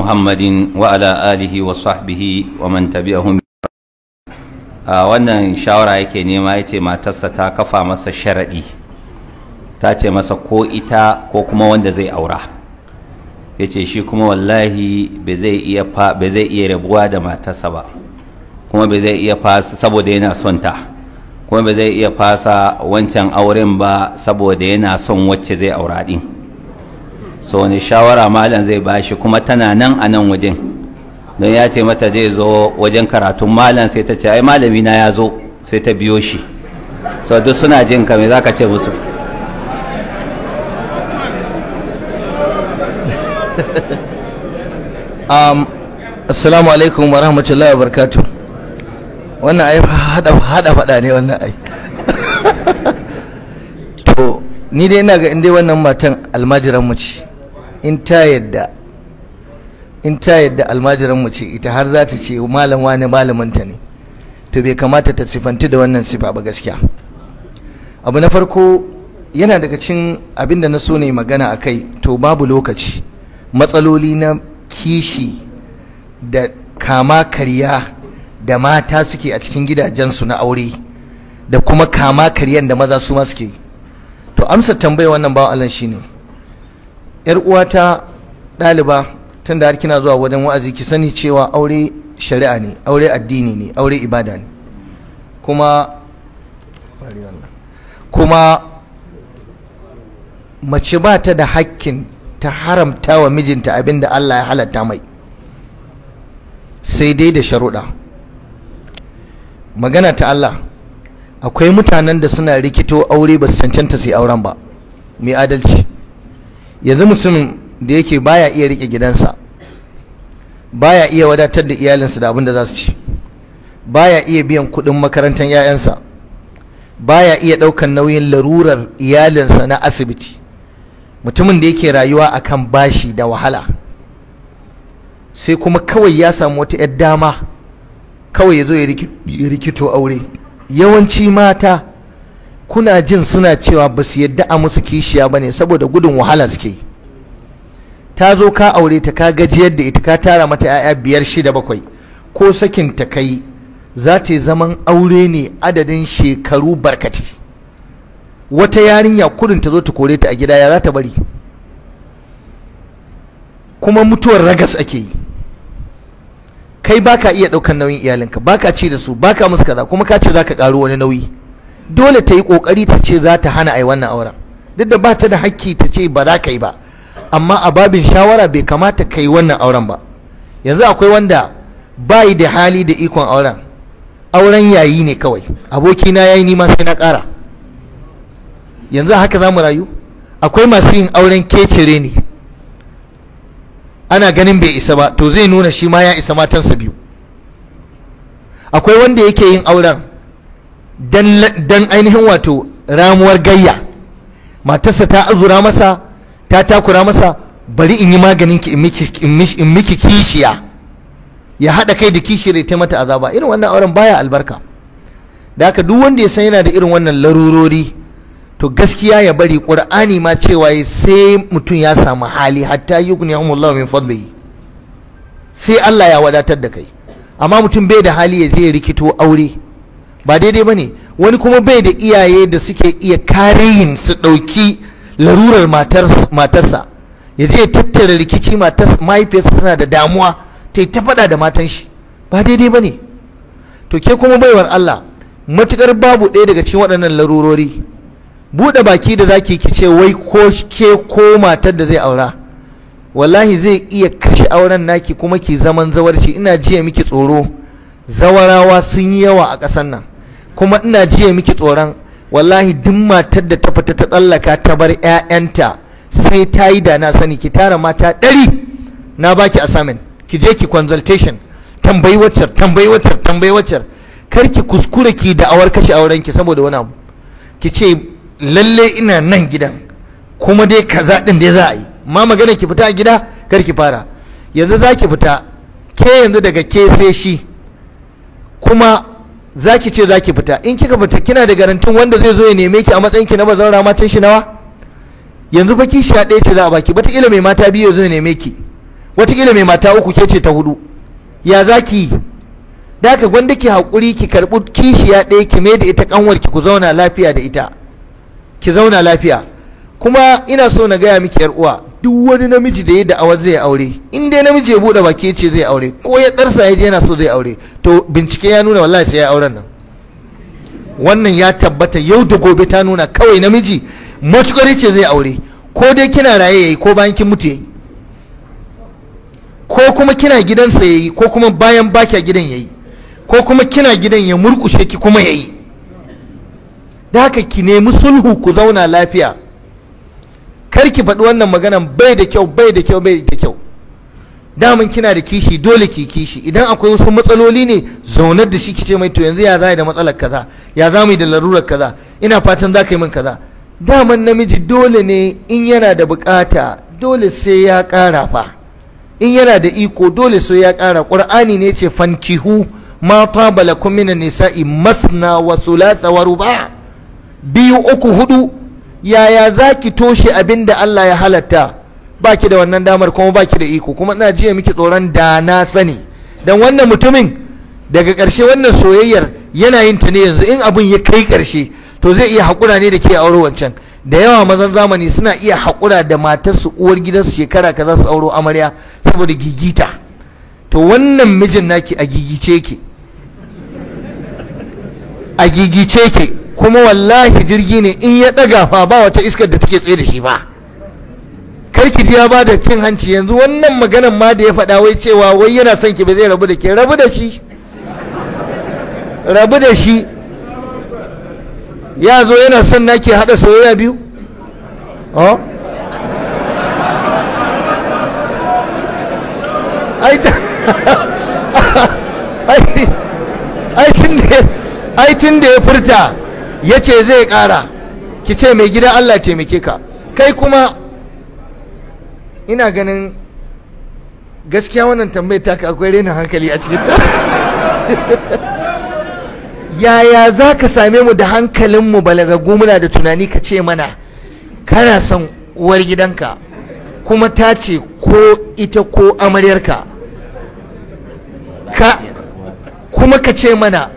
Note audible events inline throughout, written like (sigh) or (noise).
محمد وعلى آله وصحبه ومن تبعهم wannan shawara yake nema ya ce matarsa ta kafa masa sharaɗi ta ce masa ko ita ko kuma wanda zai aura ya ce shi kuma wallahi ba zai iya rabuwa da matarsa ba kuma ba zai iya fasa saboda yana son ta kuma ba zai iya fasa wancan auren ba saboda yana son wacce zai aura ɗin so wani shawara malam zai ba shi kuma tana nan a nan wajen don ya ce mata zai zo wajen karatun malam sai ta ce ai malami na ya zo sai ta biyo shi so duk suna jin ka me ka ce musu (laughs) um, assalamu alaikum wa rahmatullahi wa barkatu wannan ai hada hada fada ne wannan ai (laughs) to ni dai ina ga inda wannan matan almajiran mu ce in ta yadda in ta yadda almajiranmu ce ita har za ta ce malam malamin malaminta ne to bai kamata ta sifanti da wannan sifa ba gaskiya abu na farko yana daga cin abinda na so ne magana a kai to babu lokaci matsaloli na kishi da kama karya da mata suke a cikin gidajensu na aure da kuma kama karyan da maza su ma suke to amsa tambayar wannan bawan Allah shine yar uwata ɗaliba tun da har kina zuwa wajen wa'azi ki sani cewa aure shari'a ne aure addini ne aure ibada ne kuma kuma mace ba ta da hakkin ta haramta wa mijinta abin da Allah ya halatta mai sai dai da sharuɗa magana ta Allah akwai mutanen da suna rikito aure ba su cancanta su yi auren ba mai adalci yanzu mutum da yake baya iya rike gidansa baya iya wadatar da iyalinsa da abin da za su ci baya iya biyan kuɗin makarantar 'ya'yansa baya iya ɗaukan nauyin larurar iyalinsa na asibiti mutumin da yake rayuwa akan bashi da wahala sai kuma kawai ya samu wata 'yar dama kawai ya zo ya rikito aure yawanci mata kuna jin suna cewa ba su yadda a musu kishiya ba ne saboda gudun wahala suke ta zo ka aure ta ka gajiyar da ita ka tara mata 'ya'ya biyar shida bakwai ko sakin ta kai za ta zaman aure ne adadin shekaru barkati wata yarinya kudin ta zo ta kore ta a gida ya za ta bari kuma mutuwar ragas ake yi kai baka iya ɗaukan nauyin iyalinka baka ci da su baka musu kaza kuma ka ce za ka karu wani nauyi dole ta yi ƙoƙari ta ce za ta hana a yi wannan auren duk da ba ta da hakki ta ce ba za ka yi ba amma a babin shawara bai kamata ka yi wannan auren ba yanzu akwai wanda ba yi da hali da ikon auren auren yayi ne kawai abokina ya yi nima sai na ƙara yanzu haka za mu rayu akwai masu yin auren kecire ne ana ganin bai isa ba to zai nuna shi ma ya isa matansa biyu akwai wanda yake yin auren dan ainihin wato ramuwar gayya matarsa ta azura masa ta takura masa bari in yi maganin ki in miki kishiya ya haɗa kai da kishiyar ya taimata azaba irin wannan auren baya albarka da haka duk wanda ya san yana da irin wannan larurori to gaskiya ya bari ƙur'ani ma cewa sai mutum ya samu hali hatta yughniyahumullahu min fadlihi sai Allah ya wadatar da kai amma mutum bai da hali ya je rikito aure ba daidai ba ne wani kuma bai da iyaye da suke iya kariyin su ɗauki larurar matarsa ya je tattara rikici mahaifiyarsa suna da damuwa ta ta faɗa da matan shi ba daidai ba ne to ke kuma baiwar Allah matukar babu ɗaya daga cikin waɗannan larurori buɗe baki da zaki ki ce wai ko ke ko matar da zai aura wallahi zai iya kashe auren naki kuma ki zaman zawarci ina jiya miki tsoro zawarawa sun yi yawa a ƙasar nan kuma ina jiya miki tsoron wallahi duk matar da ta fita ta tsallaka ta bar 'ya'yanta sai ta yi da na sani ki tara mata ɗari na baki assignment ki je ki consultation tambayi waccar tambayi waccar tambayi waccar kar ki kuskure ki da'awar kashe auren ki saboda wani abu ki ce lalle ina nan gidan kuma dai kaza din dai za a yi ma magana ki fita a gida kar ki fara yanzu za ki fita ke yanzu daga ke sai shi kuma zaki ce zaki fita in kika fita kina da garantin wanda zai zo ya neme ki a matsayin ki na bazan matan shi nawa yanzu fa shi a ɗaya ce za a baki wata kila mai mata biyu zo ya neme ki wata kila mai mata uku ke ce ta hudu ya zaki yi da ka gwanda ki haƙuri ki karɓi kishiya ɗaya ki mai da ita ƙanwar ki ku zauna lafiya da ita ki zauna lafiya kuma ina so na gaya miki yar uwa duk wani namiji da ya da'awa zai aure in dai namiji ya bude baki ce zai aure ko ya darsa ya yana so zai aure to bincike ya nuna wallahi sai ya auren nan wannan ya tabbata yau da gobe ta nuna kawai namiji matukar ce zai aure ko dai kina raye yayi ko bayan kin mutu yayi ko kuma kina gidansa yayi ko kuma bayan baki gidan yayi ko kuma kina gidan ya murkushe ki kuma yayi da haka ki nemi sulhu ku zauna lafiya ki faɗi wannan maganan bai da kyau bai da kyau bai da kyau daman kina da kishi dole ki kishi idan akwai wasu matsaloli ne zaunar da shi ce mai to yanzu ya za da matsalar kaza ya za mu yi da larurar kaza ina fatan za ka yi min kaza daman namiji dole ne in yana da bukata dole sai ya kara fa in yana da iko dole sai ya kara qur'ani ne ce fankihu ma tabalakum minan nisa'i masna wa thulatha wa ruba biyu uku hudu yaya za ki toshe abin da Allah ya halatta ba ki da wannan damar kuma ba ki da iko kuma ina jiya miki tsoron da na sani don wannan mutumin daga ƙarshe wannan soyayyar yana yin ta ne yanzu in abin ya kai karshe to zai iya haƙura ne da ke auro wancan da yawa mazan zamani suna iya haƙura da matarsu uwar gidansu shekara kaza su auro amarya saboda gigita to wannan mijin naki a gigice ke a gigice ke kuma wallahi jirgi ne in ya ɗaga fa ba wata iskar da take tsaye da shi ba karki ya ba da cin hanci yanzu wannan maganan ma da ya faɗa wai cewa wai yana son ki ba zai rabu da ke rabu da shi rabu da shi ya zo yana son na ke haɗa soyayya biyu oh? (laughs) ai tun da ya furta ya ce zai ƙara ki ce mai gida Allah taimake ka kai kuma ina ganin gaskiya wannan tambayar ka akwai renin hankali a cikin ta (laughs) yaya za ka same mu da hankalinmu balagaggu muna da tunani ka ce mana kana son uwar gidanka kuma ta ce ko ita ko amaryarka ka kuma ka ce mana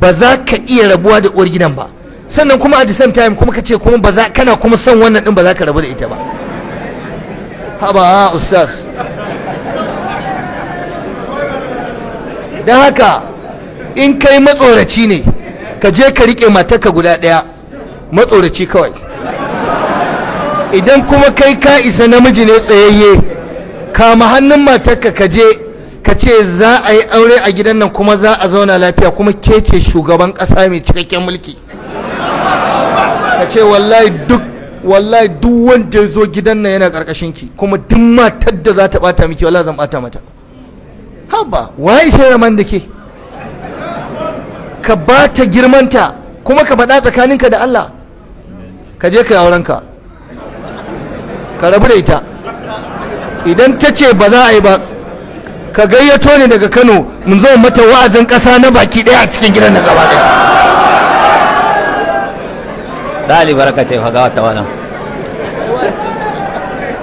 ba za ka iya rabuwa da uwar gidan ba sannan kuma at the same time kuma ka ce kuma ba za kana kuma son wannan din ba za ka rabu da ita ba haba ustaz don haka in kai matsoraci ne ka je ka rike matarka guda ɗaya matsoraci kawai idan kuma kai ka isa namiji ne tsayayye kama hannun matarka ka je ka ce za a yi aure a gidan nan kuma za a zauna lafiya kuma ke ce shugaban kasa mai cikakken mulki ka ce wallahi duk wallahi duk wanda ya zo gidan nan yana ƙarƙashin ki kuma duk matar da za ta ɓata miki wallahi zan ɓata mata haba waye sai raman da ke ka ba ta girmanta kuma ka faɗa tsakaninka da Allah ka je ka yi aurenka ka rabu da ita idan ta ce ba za a yi ba ka gayyato ne daga kano mun zo mata wa'azin ƙasa na baki ɗaya a cikin gidan na gaba ɗaya dali baraka ce fa gawa tawana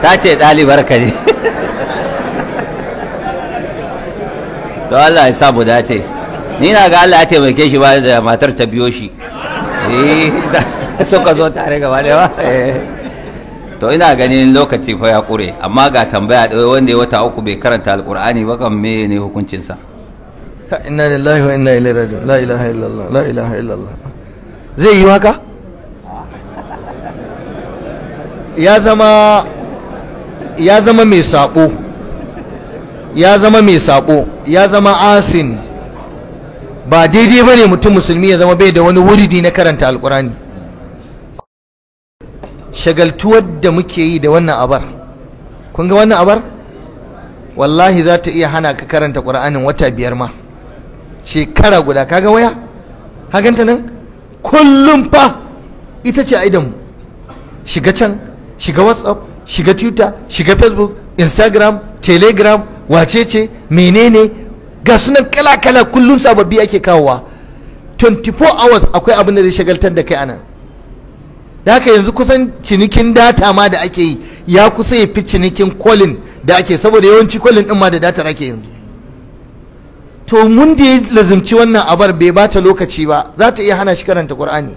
ta ce dali baraka ne to Allah ya samu dace ni na ga Allah ya mai shi ba da matar ta biyo shi eh suka zo tare gaba ɗaya ba eh. to ina ganin lokaci fa ya kure amma ga tambaya da wanda ya wata uku bai karanta alƙur'ani ba kan me ne hukuncin hukuncinsa inna lillahi wa inna ilaihi raji'un la ilaha illallah la ilaha illallah zai yi haka ya zama ya zama mai sako ya zama mai sako ya zama asin ba daidai bane mutum musulmi ya zama bai da wani wuridi na karanta alkurani shagaltuwar da muke yi da wannan abar kun ga wannan abar wallahi za ta iya hana ka karanta ƙura'anin wata biyar ma shekara guda kaga waya haganta nan kullum fa ita ce aidanmu shiga can shiga whatsapp shiga twitter shiga facebook instagram telegram wace ce menene ga sunan kala-kala kullum sababbi ake kawowa 24 hours akwai abin da zai shagaltar da kai anan da haka yanzu kusan cinikin data ma da ake yi ya kusa ya fi cinikin kolin da ake saboda yawanci kolin din ma da datar ake yanzu to mun da ya lazimci wannan abar bai bata lokaci ba za ta iya hana shi karanta ƙur'ani.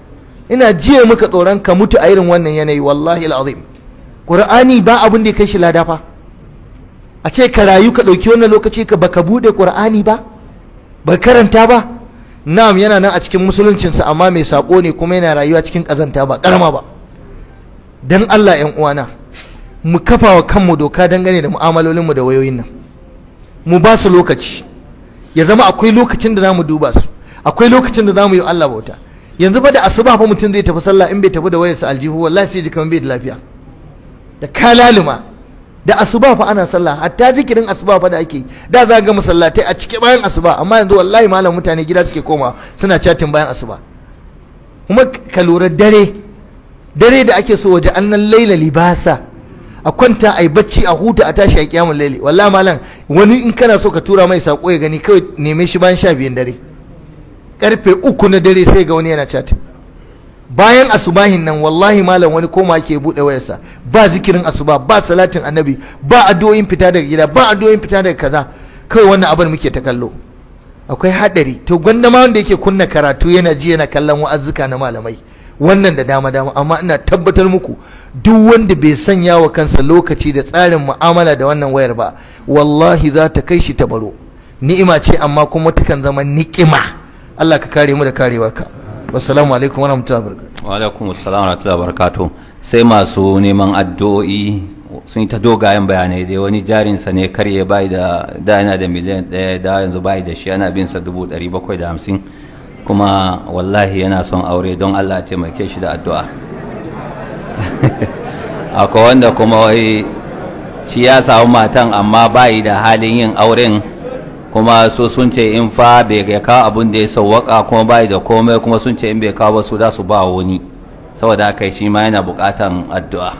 ina jiya muka tsoron ka mutu a irin wannan yanayi wallahi alazim ƙur'ani ba abin da ya kai shi lada fa a ce ka rayu ka ɗauki wannan lokaci ka baka buɗe ƙur'ani ba ba karanta ba na'am yana nan a cikin musuluncinsa amma mai sako ne kuma yana rayuwa cikin kazanta ba karama ba dan Allah ƴan uwana mu kafa wa kanmu doka dangane da mu'amalolinmu da wayoyin nan mu ba su lokaci ya zama akwai lokacin da zamu duba su akwai lokacin da zamu yi Allah bauta yanzu ba da asuba fa mutum zai tafi sallah in bai tafi da wayarsa aljihu wallahi sai ji kamar bai da lafiya da kalalima. da asuba fa ana sallah hatta zikirin asuba fa da ake da za ga masallatai a cike bayan asuba amma yanzu wallahi malam mutane gida suke koma suna chatin bayan asuba kuma ka lura dare dare da ake so waje annan laila libasa a kwanta a yi bacci a huta a tashi a kiyamun laili wallahi malam wani in kana so ka tura mai sako ya gani kawai neme shi bayan sha biyun dare karfe uku na dare sai ga wani yana chatin bayan asubahin nan wallahi malam wani koma ke bude wayarsa ba zikirin asuba ba salatin annabi ba addu'o'in fita daga gida ba addu'o'in fita daga kaza kawai wannan abin muke ta kallo akwai hadari to gwanda ma wanda yake kunna karatu yana ji yana kallon wa'azzuka na malamai wannan da dama dama amma ina tabbatar muku duk wanda bai sanya wa kansa lokaci da tsarin mu'amala da wannan wayar ba wallahi za ta kai shi ta baro ni'ima ce amma kuma takan zama ni'ima Allah ka kare mu da karewarka wassalamu alaikum wa rahmatullahi wa barakatuh wa alaikum assalam wa rahmatullahi wa barakatuh sai masu neman addu'o'i sun yi ta dogayen bayanai dai wani jarinsa ne karye bai da da yana da miliyan ɗaya da yanzu bai da shi yana bin sa dubu ɗari bakwai da hamsin kuma wallahi yana son aure don Allah taimake shi da addu'a (laughs) akwai wanda kuma wai shi ya samu matan amma bai da halin yin auren kuma su sun ce in fa bai ya kawo abin da ya sauwaka kuma bai da komai kuma sun ce in bai kawo su za su ba wani saboda haka shi ma yana bukatan addu'a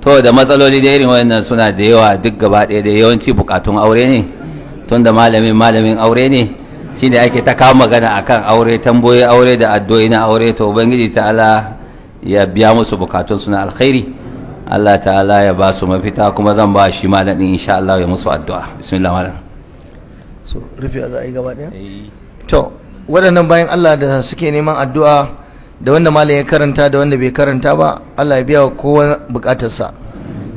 to da matsaloli da irin wannan suna da yawa duk gaba ɗaya da yawanci bukatun aure ne tun da malamin malamin aure ne shi ne ake ta kawo magana kan aure tamboyi aure da addu'o'i na aure to ubangiji ta'ala ya biya musu bukatun suna alkhairi Allah ta'ala ya ba su mafita kuma zan ba shi malamin insha Allah ya musu addu'a bismillah so rufe za a yi gaba daya eh. to waɗannan bayan Allah da suke neman addu'a da wanda malam ya karanta da wanda bai karanta ba Allah ya biya wa kowa bukatarsa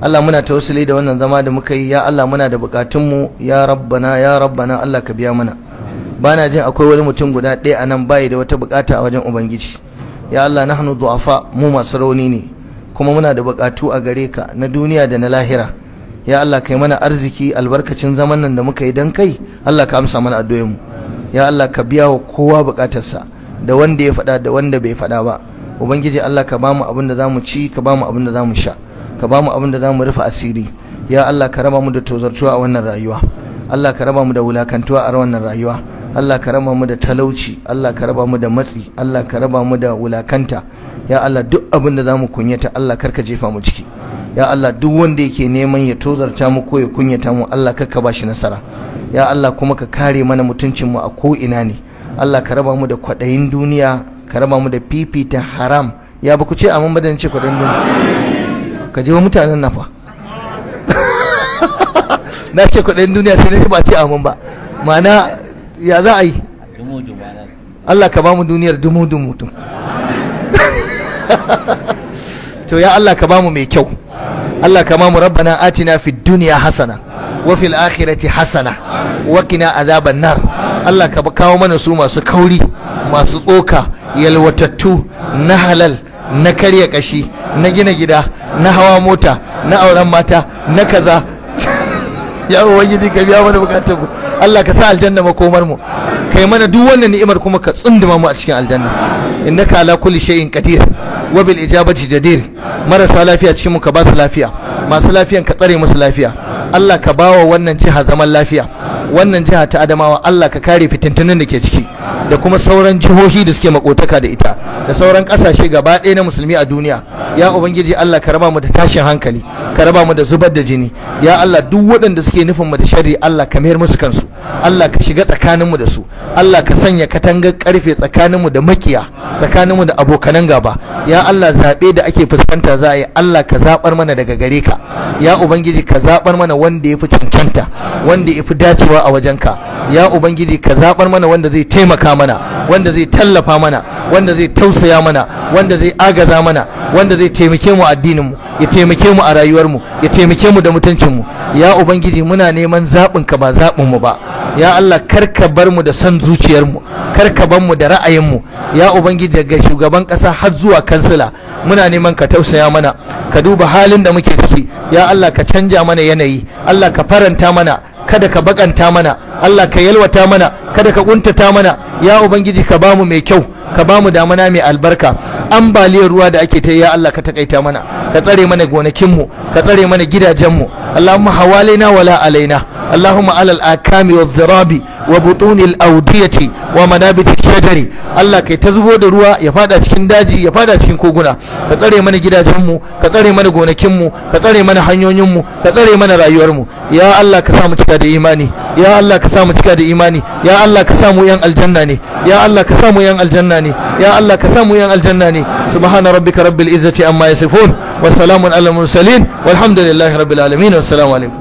Allah muna tawassuli da wannan zama da muka yi ya Allah muna da buƙatunmu ya rabbana ya rabbana Allah ka biya mana bana jin akwai wani mutum guda ɗaya a nan bayi da wata bukata a wajen ubangiji ya Allah nahnu du'afa mu masu rauni ne kuma muna da bukatu a gare ka na duniya da na lahira ya Allah kai mana arziki albarkacin zaman nan da muka yi dan kai Allah ka amsa mana addu'o'in mu ya Allah ka biya wa kowa bukatarsa da wanda ya faɗa da wanda bai faɗa ba ubangiji Allah ka bamu abin da zamu ci ka bamu abin da zamu sha ka bamu abin da zamu rufe asiri ya Allah ka raba mu da tozartuwa a wannan rayuwa Allah ka raba mu da wulakantuwa a wannan rayuwa Allah ka raba mu da talauci Allah ka raba mu da matsi Allah ka raba mu da wulakanta ya Allah duk abin da zamu kunyata Allah karka jefa mu ciki ya Allah duk wanda yake neman ya tozarta mu ko ya kunyata mu Allah ka ka bashi nasara ya Allah kuma ka kare mana mutuncin mu a ko ina ne Allah ka raba mu da kwaɗayin duniya ka raba mu da fifita haram ya ba ku ce amin ba da ce kwaɗayin duniya ka je wa mutanen nafa (laughs) na ce kwaɗayin duniya sai dai ba ce amin ba ma'ana ya za a yi Allah ka ba mu duniyar dumu dumu mutum (laughs) to ya Allah ka bamu mai kyau Allah ka bamu rabbana atina fi dunya hasana wa fil akhirati hasana wa qina azaban nar Allah ka kawo mana su masu kauri masu tsoka yalwatattu na halal na karya kashi na gina gida na hawa mota na auren mata na kaza (laughs) ya ubangiji ka biya mana bukatun Allah ka sa aljanna makomar mu kai mana duk wannan ni'imar kuma ka tsunduma mu a cikin aljanna innaka ala kulli shay'in qadir wa bil ijabati jadir marasa lafiya cikin mu ka ba su lafiya masu lafiyan ka tsare musu lafiya Allah ka bawa wannan jiha zaman lafiya wannan jiha ta adamawa Allah ka kare fitintunan da ke ciki da kuma sauran jihohi da suke makotaka da ita da sauran kasashe gaba ɗaya na musulmi a duniya ya ubangiji Allah ka raba mu da tashin hankali ka raba mu da zubar da jini ya Allah duk waɗanda suke nufin mu da sharri Allah ka mayar musu kansu Allah ka shiga tsakaninmu da su Allah ka sanya katangar karfe tsakaninmu da makiya tsakaninmu da abokanan gaba ya Allah zaɓe da ake fuskanta za a yi Allah ka zabar mana daga gare ka ya ubangiji ka zabar mana wanda ya fi cancanta wanda ya fi dacewa rayuwa a ka ya ubangiji ka zabar mana wanda zai taimaka mana wanda zai tallafa mana wanda zai tausaya mana wanda zai agaza mana wanda zai taimake mu addinin mu ya taimake mu a rayuwar mu ya taimake mu da mutuncin mu ya ubangiji muna neman zabin ka ba zabin mu ba ya Allah kar ka bar mu da son zuciyar mu kar ka bar mu da ra'ayin mu ya ubangiji daga shugaban kasa har zuwa kansila muna neman ka tausaya mana ka duba halin da muke ciki ya Allah ka canja mana yanayi Allah ka faranta mana kada ka bakanta mana Allah ka yalwata mana kada ka kuntata mana ya ubangiji ka bamu mai kyau ka bamu da mana mai albarka ambaliyar ruwa da ake ta ya Allah ka takaita mana ka tsare mana gonakinmu ka tsare mana gidajenmu Allahumma hawalaina wala alaina اللهم على الآكام والذراب وبطون الأودية ومنابت الشجر الله كي تزبو دروا يفادا cikin daji ya fada cikin koguna ka tsare mana gidajenmu ka tsare mana gonakinmu ka tsare mana hanyoyinmu ka tsare mana rayuwarmu ya Allah ka samu cika da imani ya Allah ka samu cika da imani ya Allah ka samu yan aljanna ne ya Allah ka samu yan aljanna ne ya Allah ka samu yan aljanna ne subhana rabbika rabbil izzati amma yasifun wa salamun alal mursalin walhamdulillahi rabbil alamin wassalamu alaikum